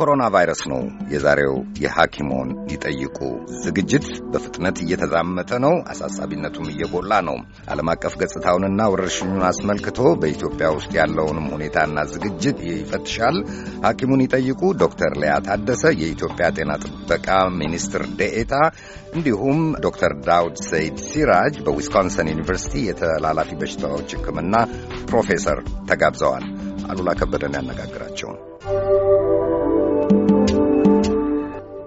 ኮሮና ቫይረስ ነው የዛሬው የሐኪሞን ይጠይቁ ዝግጅት። በፍጥነት እየተዛመተ ነው፣ አሳሳቢነቱም እየጎላ ነው። ዓለም አቀፍ ገጽታውንና ወረርሽኙን አስመልክቶ በኢትዮጵያ ውስጥ ያለውንም ሁኔታና ዝግጅት ይፈትሻል። ሐኪሙን ይጠይቁ ዶክተር ሊያ ታደሰ የኢትዮጵያ ጤና ጥበቃ ሚኒስትር ደኤታ እንዲሁም ዶክተር ዳውድ ሰይድ ሲራጅ በዊስኮንሰን ዩኒቨርሲቲ የተላላፊ በሽታዎች ሕክምና ፕሮፌሰር ተጋብዘዋል። አሉላ ከበደን ያነጋግራቸው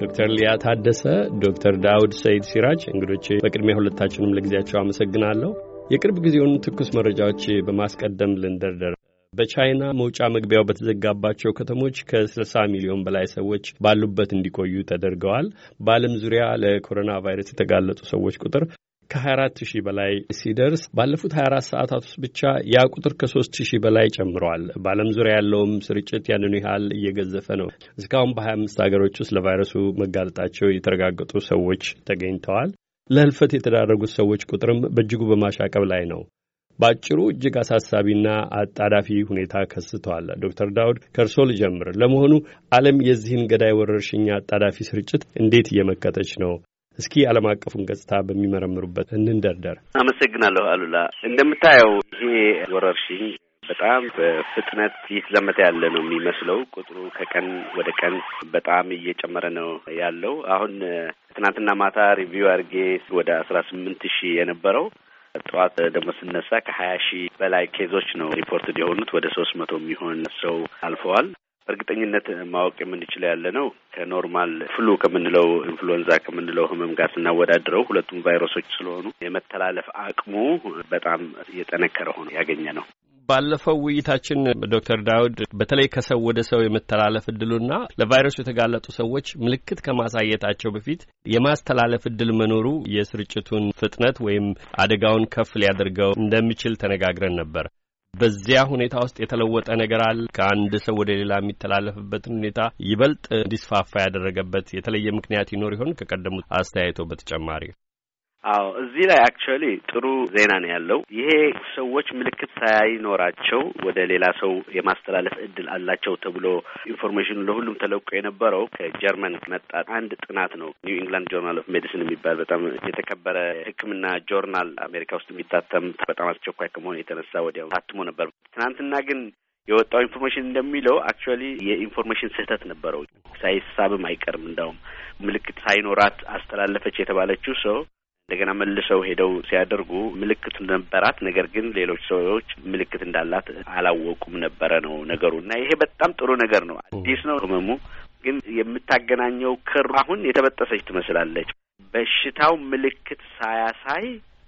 ዶክተር ሊያ ታደሰ፣ ዶክተር ዳውድ ሰይድ ሲራጅ እንግዶቼ፣ በቅድሚያ ሁለታችንም ለጊዜያቸው አመሰግናለሁ። የቅርብ ጊዜውን ትኩስ መረጃዎች በማስቀደም ልንደርደር። በቻይና መውጫ መግቢያው በተዘጋባቸው ከተሞች ከ60 ሚሊዮን በላይ ሰዎች ባሉበት እንዲቆዩ ተደርገዋል። በዓለም ዙሪያ ለኮሮና ቫይረስ የተጋለጡ ሰዎች ቁጥር ከ24 ሺህ በላይ ሲደርስ ባለፉት 24 ሰዓታት ውስጥ ብቻ ያ ቁጥር ከ3 ሺህ በላይ ጨምረዋል። በዓለም ዙሪያ ያለውም ስርጭት ያንኑ ያህል እየገዘፈ ነው። እስካሁን በ25 ሀገሮች ውስጥ ለቫይረሱ መጋለጣቸው የተረጋገጡ ሰዎች ተገኝተዋል። ለህልፈት የተዳረጉት ሰዎች ቁጥርም በእጅጉ በማሻቀብ ላይ ነው። በአጭሩ እጅግ አሳሳቢና አጣዳፊ ሁኔታ ከስተዋል። ዶክተር ዳውድ ከእርሶ ልጀምር። ለመሆኑ ዓለም የዚህን ገዳይ ወረርሽኛ አጣዳፊ ስርጭት እንዴት እየመከተች ነው? እስኪ ዓለም አቀፉን ገጽታ በሚመረምሩበት እንንደርደር። አመሰግናለሁ አሉላ። እንደምታየው ይሄ ወረርሽኝ በጣም በፍጥነት እየተዛመተ ያለ ነው የሚመስለው። ቁጥሩ ከቀን ወደ ቀን በጣም እየጨመረ ነው ያለው። አሁን ትናንትና ማታ ሪቪው አድርጌ ወደ አስራ ስምንት ሺህ የነበረው ጠዋት ደግሞ ስነሳ ከሀያ ሺህ በላይ ኬዞች ነው ሪፖርት የሆኑት። ወደ ሶስት መቶ የሚሆን ሰው አልፈዋል። እርግጠኝነት ማወቅ የምንችለው ያለ ነው ከኖርማል ፍሉ ከምንለው ኢንፍሉዌንዛ ከምንለው ህመም ጋር ስናወዳድረው ሁለቱም ቫይረሶች ስለሆኑ የመተላለፍ አቅሙ በጣም እየጠነከረ ሆኖ ያገኘ ነው። ባለፈው ውይይታችን ዶክተር ዳውድ በተለይ ከሰው ወደ ሰው የመተላለፍ እድሉና ለቫይረሱ የተጋለጡ ሰዎች ምልክት ከማሳየታቸው በፊት የማስተላለፍ እድል መኖሩ የስርጭቱን ፍጥነት ወይም አደጋውን ከፍ ሊያደርገው እንደሚችል ተነጋግረን ነበር። በዚያ ሁኔታ ውስጥ የተለወጠ ነገር አለ? ከአንድ ሰው ወደ ሌላ የሚተላለፍበትን ሁኔታ ይበልጥ እንዲስፋፋ ያደረገበት የተለየ ምክንያት ይኖር ይሆን? ከቀደሙት አስተያየቶ በተጨማሪ አዎ እዚህ ላይ አክቹዋሊ ጥሩ ዜና ነው ያለው። ይሄ ሰዎች ምልክት ሳይኖራቸው ወደ ሌላ ሰው የማስተላለፍ እድል አላቸው ተብሎ ኢንፎርሜሽኑ ለሁሉም ተለቆ የነበረው ከጀርመን መጣ አንድ ጥናት ነው። ኒው ኢንግላንድ ጆርናል ኦፍ ሜዲሲን የሚባል በጣም የተከበረ ሕክምና ጆርናል አሜሪካ ውስጥ የሚታተም በጣም አስቸኳይ ከመሆኑ የተነሳ ወዲያው ታትሞ ነበር። ትናንትና ግን የወጣው ኢንፎርሜሽን እንደሚለው አክቹዋሊ የኢንፎርሜሽን ስህተት ነበረው። ሳይሳብም አይቀርም። እንዳውም ምልክት ሳይኖራት አስተላለፈች የተባለችው ሰው እንደገና መልሰው ሄደው ሲያደርጉ ምልክት ነበራት። ነገር ግን ሌሎች ሰዎች ምልክት እንዳላት አላወቁም ነበረ ነው ነገሩ እና ይሄ በጣም ጥሩ ነገር ነው። አዲስ ነው ህመሙ፣ ግን የምታገናኘው ክር አሁን የተበጠሰች ትመስላለች። በሽታው ምልክት ሳያሳይ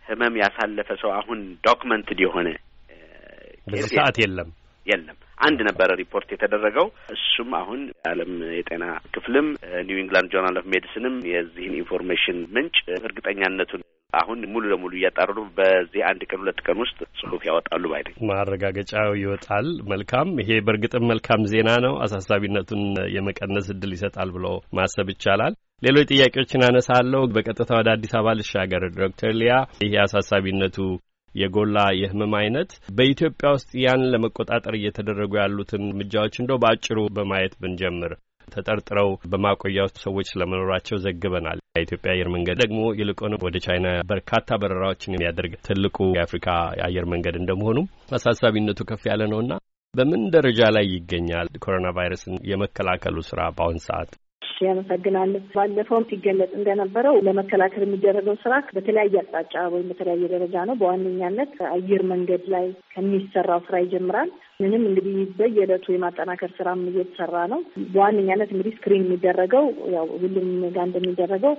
ህመም ያሳለፈ ሰው አሁን ዶክመንትድ የሆነ በዚህ ሰዓት የለም የለም። አንድ ነበረ ሪፖርት የተደረገው እሱም አሁን የዓለም የጤና ክፍልም ኒው ኢንግላንድ ጆርናል ኦፍ ሜዲሲንም የዚህን ኢንፎርሜሽን ምንጭ እርግጠኛነቱን አሁን ሙሉ ለሙሉ እያጣሩ በዚህ አንድ ቀን ሁለት ቀን ውስጥ ጽሁፍ ያወጣሉ ባይ ነኝ። ማረጋገጫው ይወጣል። መልካም። ይሄ በእርግጥም መልካም ዜና ነው። አሳሳቢነቱን የመቀነስ እድል ይሰጣል ብሎ ማሰብ ይቻላል። ሌሎች ጥያቄዎችን አነሳለሁ። በቀጥታ ወደ አዲስ አበባ ልሻገር። ዶክተር ሊያ ይሄ አሳሳቢነቱ የጎላ የህመም አይነት በኢትዮጵያ ውስጥ ያን ለመቆጣጠር እየተደረጉ ያሉትን እርምጃዎች እንደው በአጭሩ በማየት ብንጀምር ተጠርጥረው በማቆያ ውስጥ ሰዎች ስለመኖራቸው ዘግበናል። የኢትዮጵያ አየር መንገድ ደግሞ ይልቁን ወደ ቻይና በርካታ በረራዎችን የሚያደርግ ትልቁ የአፍሪካ አየር መንገድ እንደመሆኑ አሳሳቢነቱ ከፍ ያለ ነውና በምን ደረጃ ላይ ይገኛል ኮሮና ቫይረስን የመከላከሉ ስራ በአሁን ሰዓት? እሺ ያመሰግናለሁ። ባለፈውም ሲገለጽ እንደነበረው ለመከላከል የሚደረገው ስራ በተለያየ አቅጣጫ ወይም በተለያየ ደረጃ ነው። በዋነኛነት አየር መንገድ ላይ ከሚሰራው ስራ ይጀምራል። ምንም እንግዲህ በየዕለቱ የማጠናከር ስራ እየተሰራ ነው። በዋነኛነት እንግዲህ ስክሪን የሚደረገው ያው ሁሉም ጋር እንደሚደረገው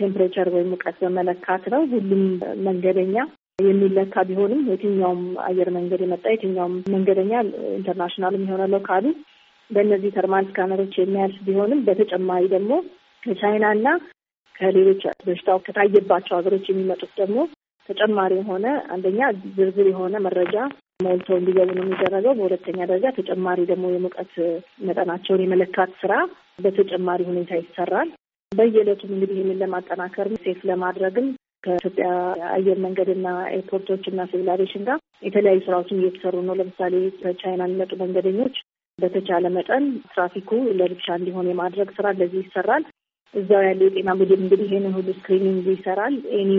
ቴምፕሬቸር ወይም ሙቀት በመለካት ነው። ሁሉም መንገደኛ የሚለካ ቢሆንም የትኛውም አየር መንገድ የመጣ የትኛውም መንገደኛ ኢንተርናሽናልም የሆነ ሎካሉ በእነዚህ ተርማል ስካነሮች የሚያልፍ ቢሆንም በተጨማሪ ደግሞ ከቻይና እና ከሌሎች በሽታው ከታየባቸው ሀገሮች የሚመጡት ደግሞ ተጨማሪ የሆነ አንደኛ ዝርዝር የሆነ መረጃ ሞልተው እንዲገቡ ነው የሚደረገው። በሁለተኛ ደረጃ ተጨማሪ ደግሞ የሙቀት መጠናቸውን የመለካት ስራ በተጨማሪ ሁኔታ ይሰራል። በየዕለቱም እንግዲህ ይህንን ለማጠናከር ሴፍ ለማድረግም ከኢትዮጵያ አየር መንገድና ኤርፖርቶች እና ሲቪል አቪዬሽን ጋር የተለያዩ ስራዎችን እየተሰሩ ነው። ለምሳሌ ከቻይና የሚመጡ መንገደኞች በተቻለ መጠን ትራፊኩ ለርብሻ እንዲሆን የማድረግ ስራ ለዚህ ይሰራል። እዛው ያለው የጤና ቡድን እንግዲህ ይህንን ሁሉ ስክሪኒንግ ይሰራል። ኤኒ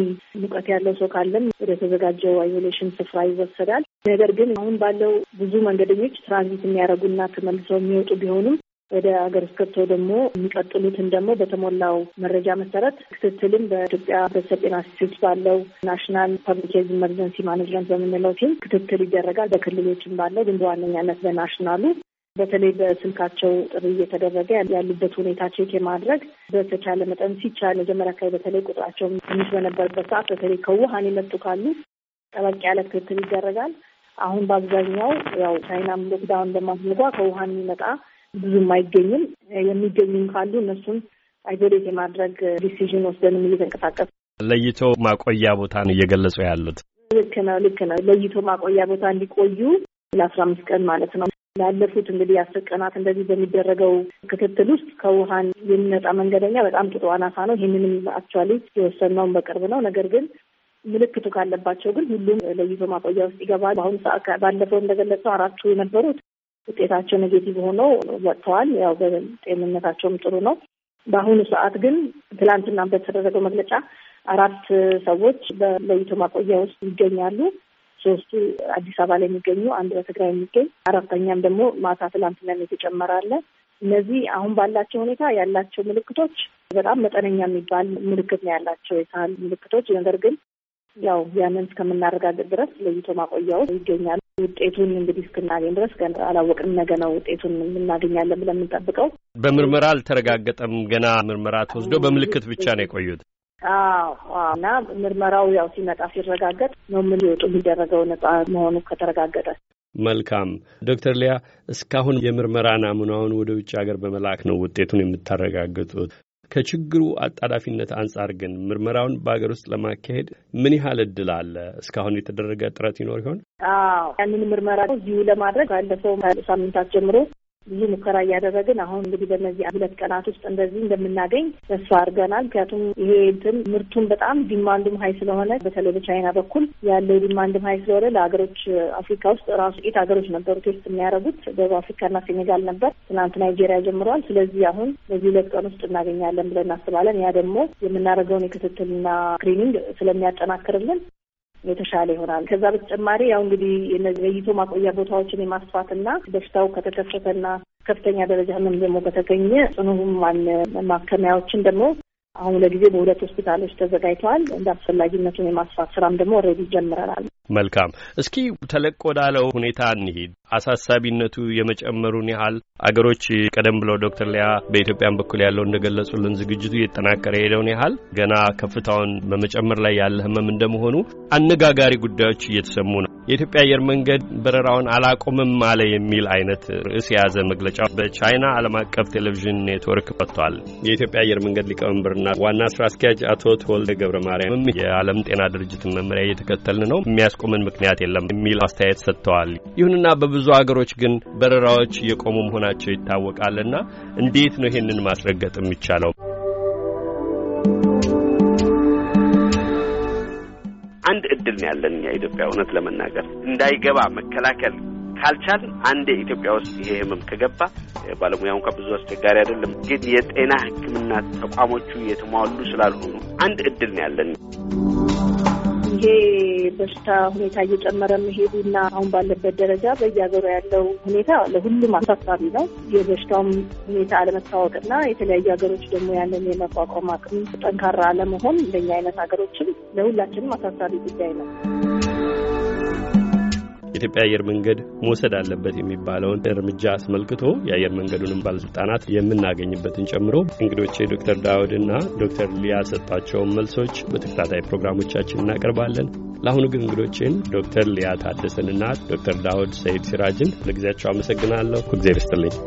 ሙቀት ያለው ሰው ካለም ወደ ተዘጋጀው አይሶሌሽን ስፍራ ይወሰዳል። ነገር ግን አሁን ባለው ብዙ መንገደኞች ትራንዚት የሚያደርጉና ተመልሰው የሚወጡ ቢሆኑም ወደ ሀገር ውስጥ ደግሞ የሚቀጥሉትን ደግሞ በተሞላው መረጃ መሰረት ክትትልም በኢትዮጵያ ሕብረተሰብ ጤና ኢንስቲትዩት ባለው ናሽናል ፐብሊክ ሄልዝ ኢመርጀንሲ ማኔጅመንት በምንለው ቲም ክትትል ይደረጋል። በክልሎችም ባለው ግን በዋነኛነት በናሽናሉ በተለይ በስልካቸው ጥሪ እየተደረገ ያሉበት ሁኔታ ቼክ የማድረግ በተቻለ መጠን ሲቻል መጀመሪያ ካ በተለይ ቁጥራቸው ትንሽ በነበረበት ሰዓት በተለይ ከውሃን የመጡ ካሉ ጠበቅ ያለ ክትትል ይደረጋል። አሁን በአብዛኛው ያው ቻይናም ሎክዳውን እንደማድረጓ ከውሃን የሚመጣ ብዙም አይገኝም። የሚገኙም ካሉ እነሱን አይዞሌት የማድረግ ዲሲዥን ወስደንም እየተንቀሳቀስ ለይቶ ማቆያ ቦታ ነው እየገለጹ ያሉት። ልክ ነው፣ ልክ ነው። ለይቶ ማቆያ ቦታ እንዲቆዩ ለአስራ አምስት ቀን ማለት ነው ላለፉት እንግዲህ አስር ቀናት እንደዚህ በሚደረገው ክትትል ውስጥ ከውሃን የሚመጣ መንገደኛ በጣም ጥሩ አናሳ ነው። ይህንንም አክቹዋሊ የወሰንነውን በቅርብ ነው። ነገር ግን ምልክቱ ካለባቸው ግን ሁሉም ለይቶ ማቆያ ውስጥ ይገባል። በአሁኑ ሰዓት ባለፈው እንደገለጸው አራቱ የነበሩት ውጤታቸው ኔጌቲቭ ሆነው ወጥተዋል። ያው በጤንነታቸውም ጥሩ ነው። በአሁኑ ሰዓት ግን ትላንትና በተደረገው መግለጫ አራት ሰዎች በለይቶ ማቆያ ውስጥ ይገኛሉ። ሶስቱ አዲስ አበባ ላይ የሚገኙ አንድ በትግራይ የሚገኝ አራተኛም ደግሞ ማታ ትላንትና የተጨመረ አለ። እነዚህ አሁን ባላቸው ሁኔታ ያላቸው ምልክቶች በጣም መጠነኛ የሚባል ምልክት ነው ያላቸው የሳል ምልክቶች። ነገር ግን ያው ያንን እስከምናረጋግጥ ድረስ ለይቶ ማቆያው ይገኛል። ይገኛሉ። ውጤቱን እንግዲህ እስክናገኝ ድረስ ገና አላወቅንም። ነገ ነው ውጤቱን እናገኛለን ብለን የምንጠብቀው። በምርመራ አልተረጋገጠም። ገና ምርመራ ተወስዶ በምልክት ብቻ ነው የቆዩት። እና ምርመራው ያው ሲመጣ ሲረጋገጥ ነው ሊወጡ የሚደረገው ነጻ መሆኑ ከተረጋገጠ። መልካም ዶክተር ሊያ እስካሁን የምርመራ ናሙናውን ወደ ውጭ ሀገር በመላክ ነው ውጤቱን የምታረጋግጡት። ከችግሩ አጣዳፊነት አንጻር ግን ምርመራውን በሀገር ውስጥ ለማካሄድ ምን ያህል እድል አለ? እስካሁን የተደረገ ጥረት ይኖር ይሆን? አዎ ያንን ምርመራ እዚሁ ለማድረግ ባለፈው ሳምንታት ጀምሮ ብዙ ሙከራ እያደረግን አሁን እንግዲህ በነዚህ ሁለት ቀናት ውስጥ እንደዚህ እንደምናገኝ ተስፋ አድርገናል። ምክንያቱም ይሄ እንትን ምርቱን በጣም ዲማንድም ሀይ ስለሆነ በተለይ በቻይና በኩል ያለው ዲማንድም ሀይ ስለሆነ ለሀገሮች አፍሪካ ውስጥ ራሱ ጥቂት ሀገሮች ነበሩ ቴስት የሚያደርጉት ደቡብ አፍሪካና ሴኔጋል ነበር። ትናንት ናይጄሪያ ጀምረዋል። ስለዚህ አሁን በዚህ ሁለት ቀን ውስጥ እናገኛለን ብለን እናስባለን። ያ ደግሞ የምናደርገውን የክትትልና ስክሪኒንግ ስለሚያጠናክርልን የተሻለ ይሆናል። ከዛ በተጨማሪ ያው እንግዲህ ለይቶ ማቆያ ቦታዎችን የማስፋትና በሽታው ከተከሰተና ከፍተኛ ደረጃ ህመም ደግሞ ከተገኘ ጽኑ ማከሚያዎችን ደግሞ አሁን ለጊዜ በሁለት ሆስፒታሎች ተዘጋጅተዋል። እንደ አስፈላጊነቱን የማስፋት ስራም ደግሞ ኦልሬዲ ጀምረናል። መልካም። እስኪ ተለቅ ወዳለው ሁኔታ እንሂድ። አሳሳቢነቱ የመጨመሩን ያህል አገሮች ቀደም ብለው ዶክተር ሊያ በኢትዮጵያን በኩል ያለው እንደገለጹልን ዝግጅቱ እየተጠናከረ የሄደውን ያህል ገና ከፍታውን በመጨመር ላይ ያለ ህመም እንደመሆኑ አነጋጋሪ ጉዳዮች እየተሰሙ ነው። የኢትዮጵያ አየር መንገድ በረራውን አላቆምም አለ የሚል አይነት ርዕስ የያዘ መግለጫ በቻይና ዓለም አቀፍ ቴሌቪዥን ኔትወርክ ወጥቷል። የኢትዮጵያ አየር መንገድ ሊቀመንበርና ዋና ስራ አስኪያጅ አቶ ተወልደ ገብረ ማርያምም የዓለም ጤና ድርጅትን መመሪያ እየተከተልን ነው፣ የሚያስቆምን ምክንያት የለም የሚል አስተያየት ሰጥተዋል። ይሁንና በብዙ አገሮች ግን በረራዎች የቆሙ መሆናቸው ይታወቃልና እንዴት ነው ይሄንን ማስረገጥ የሚቻለው? እድል ነው ያለን እኛ ኢትዮጵያ። እውነት ለመናገር እንዳይገባ መከላከል ካልቻል አንዴ ኢትዮጵያ ውስጥ ይሄ ህመም ከገባ ባለሙያ እንኳ ብዙ አስቸጋሪ አይደለም፣ ግን የጤና ሕክምና ተቋሞቹ የተሟሉ ስላልሆኑ አንድ እድል ነው ያለን ይሄ በሽታ ሁኔታ እየጨመረ መሄዱና አሁን ባለበት ደረጃ በየሀገሩ ያለው ሁኔታ ለሁሉም አሳሳቢ ነው። የበሽታውም ሁኔታ አለመታወቅና የተለያዩ ሀገሮች ደግሞ ያንን የመቋቋም አቅም ጠንካራ አለመሆን ለእኛ አይነት ሀገሮችም ለሁላችንም አሳሳቢ ጉዳይ ነው። የኢትዮጵያ አየር መንገድ መውሰድ አለበት የሚባለውን እርምጃ አስመልክቶ የአየር መንገዱንም ባለስልጣናት የምናገኝበትን ጨምሮ እንግዶቼ ዶክተር ዳውድ እና ዶክተር ሊያ ሰጧቸውን መልሶች በተከታታይ ፕሮግራሞቻችን እናቀርባለን። ለአሁኑ ግን እንግዶቼን ዶክተር ሊያ ታደሰንና ዶክተር ዳውድ ሰይድ ሲራጅን ለጊዜያቸው አመሰግናለሁ። እግዜር ይስጥልኝ።